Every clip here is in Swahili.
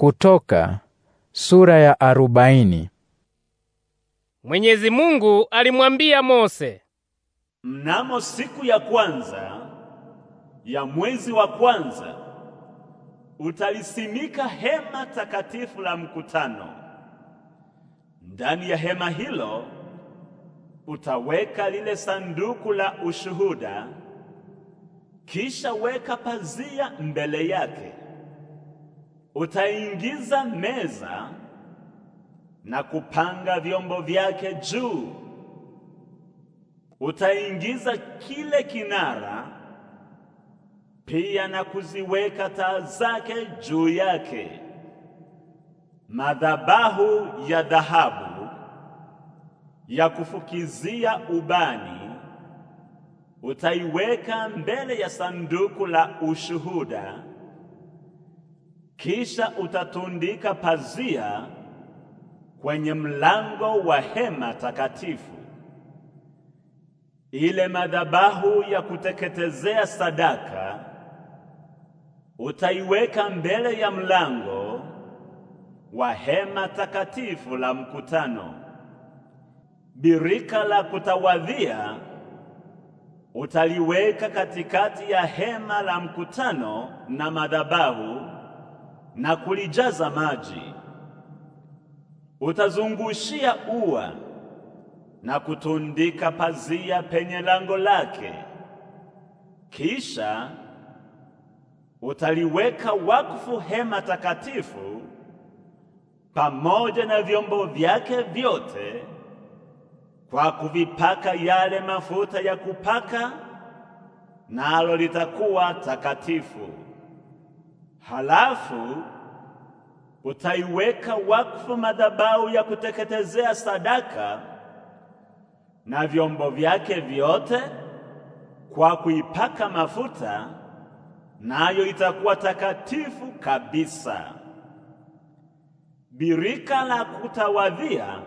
Kutoka sura ya arobaini. Mwenyezi Mungu alimwambia Mose, mnamo siku ya kwanza ya mwezi wa kwanza utalisimika hema takatifu la mkutano. Ndani ya hema hilo utaweka lile sanduku la ushuhuda, kisha weka pazia mbele yake Utaingiza meza na kupanga vyombo vyake juu. Utaingiza kile kinara pia na kuziweka taa zake juu yake. Madhabahu ya dhahabu ya kufukizia ubani utaiweka mbele ya sanduku la ushuhuda kisha utatundika pazia kwenye mlango wa hema takatifu. Ile madhabahu ya kuteketezea sadaka utaiweka mbele ya mlango wa hema takatifu la mkutano. Birika la kutawadhia utaliweka katikati ya hema la mkutano na madhabahu na kulijaza maji. Utazungushia ua na kutundika pazia penye lango lake, kisha utaliweka wakfu hema takatifu pamoja na vyombo vyake vyote kwa kuvipaka yale mafuta ya kupaka, nalo litakuwa takatifu. Halafu utaiweka wakfu madhabahu ya kuteketezea sadaka na vyombo vyake vyote kwa kuipaka mafuta, nayo na itakuwa takatifu kabisa. Birika la kutawadhia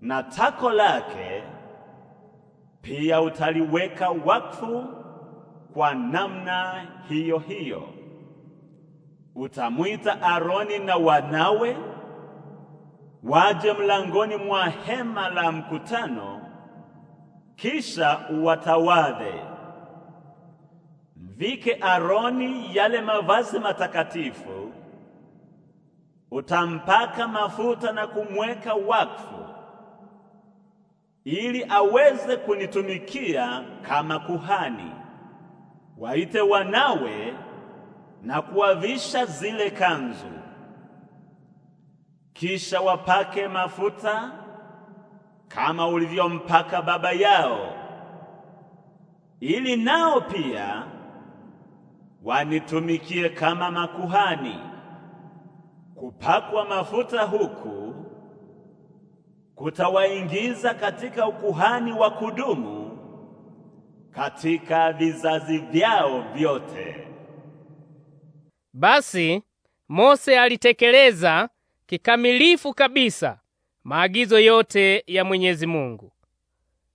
na tako lake pia utaliweka wakfu kwa namna hiyo hiyo utamwita Aroni na wanawe waje mlangoni mwa hema la mkutano, kisha uwatawadhe. Mvike Aroni yale mavazi matakatifu, utampaka mafuta na kumweka wakfu, ili aweze kunitumikia kama kuhani. Waite wanawe na kuwavisha zile kanzu, kisha wapake mafuta kama ulivyompaka baba yao, ili nao pia wanitumikie kama makuhani, kupakwa mafuta huku kutawaingiza katika ukuhani wa kudumu katika vizazi vyao vyote. Basi Mose alitekeleza kikamilifu kabisa maagizo yote ya Mwenyezi Mungu.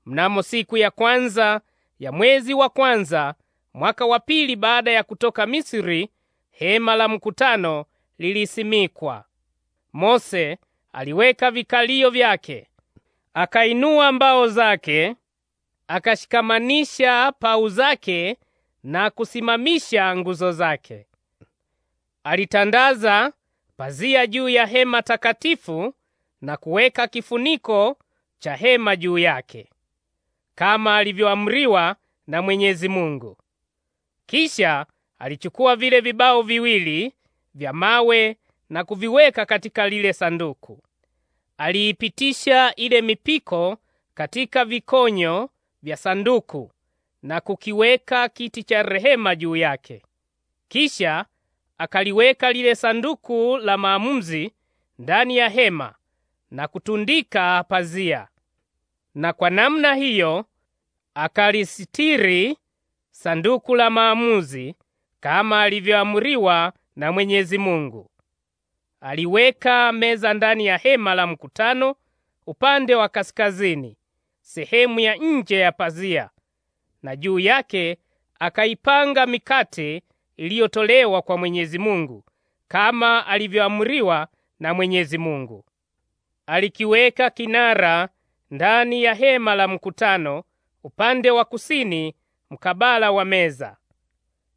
Mnamo siku ya kwanza ya mwezi wa kwanza mwaka wa pili baada ya kutoka Misri, hema la mkutano lilisimikwa. Mose aliweka vikalio vyake, akainua mbao zake, akashikamanisha pau zake na kusimamisha nguzo zake. Alitandaza pazia juu ya hema takatifu na kuweka kifuniko cha hema juu yake, kama alivyoamriwa na Mwenyezi Mungu. Kisha alichukua vile vibao viwili vya mawe na kuviweka katika lile sanduku. Aliipitisha ile mipiko katika vikonyo vya sanduku na kukiweka kiti cha rehema juu yake. Kisha akaliweka lile sanduku la maamuzi ndani ya hema na kutundika pazia, na kwa namna hiyo akalisitiri sanduku la maamuzi kama alivyoamriwa na Mwenyezi Mungu. Aliweka meza ndani ya hema la mkutano upande wa kaskazini, sehemu ya nje ya pazia, na juu yake akaipanga mikate iliyotolewa kwa Mwenyezi Mungu kama alivyoamriwa na Mwenyezi Mungu. Alikiweka kinara ndani ya hema la mkutano upande wa kusini mkabala wa meza.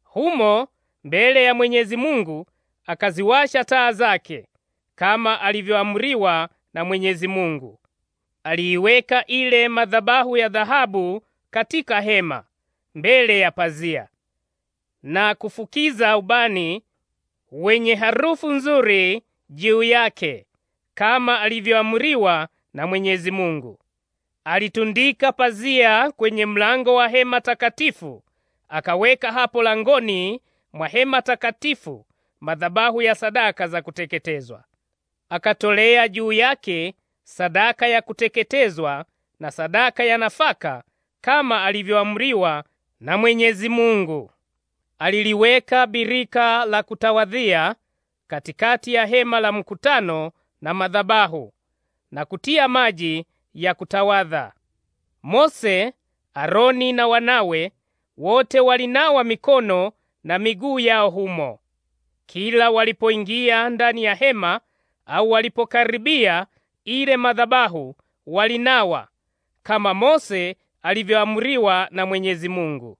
Humo mbele ya Mwenyezi Mungu akaziwasha taa zake kama alivyoamriwa na Mwenyezi Mungu. Aliiweka ile madhabahu ya dhahabu katika hema mbele ya pazia na kufukiza ubani wenye harufu nzuri juu yake kama alivyoamriwa na Mwenyezi Mungu. Alitundika pazia kwenye mlango wa hema takatifu, akaweka hapo langoni mwa hema takatifu madhabahu ya sadaka za kuteketezwa. Akatolea juu yake sadaka ya kuteketezwa na sadaka ya nafaka kama alivyoamriwa na Mwenyezi Mungu aliliweka birika la kutawadhia katikati ya hema la mkutano na madhabahu na kutia maji ya kutawadha. Mose, Aroni na wanawe wote walinawa mikono na miguu yao humo kila walipoingia ndani ya hema au walipokaribia ile madhabahu, walinawa kama Mose alivyoamriwa na Mwenyezi Mungu.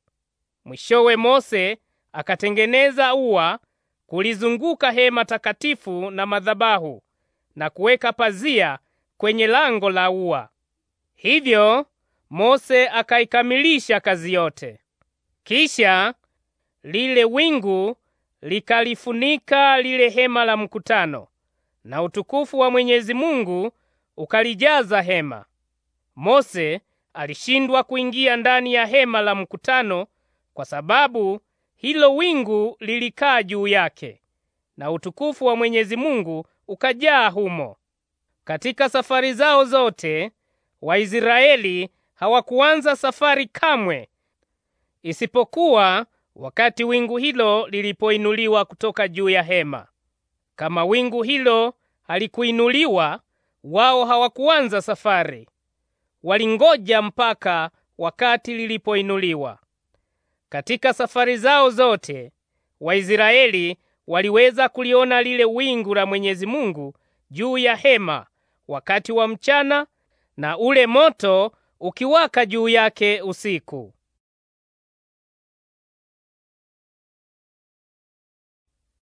Mwishowe Mose Akatengeneza ua kulizunguka hema takatifu na madhabahu na kuweka pazia kwenye lango la ua. Hivyo Mose akaikamilisha kazi yote. Kisha lile wingu likalifunika lile hema la mkutano, na utukufu wa Mwenyezi Mungu ukalijaza hema. Mose alishindwa kuingia ndani ya hema la mkutano kwa sababu hilo wingu lilikaa juu yake, na utukufu wa Mwenyezi Mungu ukajaa humo. Katika safari zao zote Waisraeli hawakuanza safari kamwe, isipokuwa wakati wingu hilo lilipoinuliwa kutoka juu ya hema. Kama wingu hilo halikuinuliwa, wao hawakuanza safari. Walingoja mpaka wakati lilipoinuliwa. Katika safari zao zote Waisraeli waliweza kuliona lile wingu la Mwenyezi Mungu juu ya hema wakati wa mchana na ule moto ukiwaka juu yake usiku.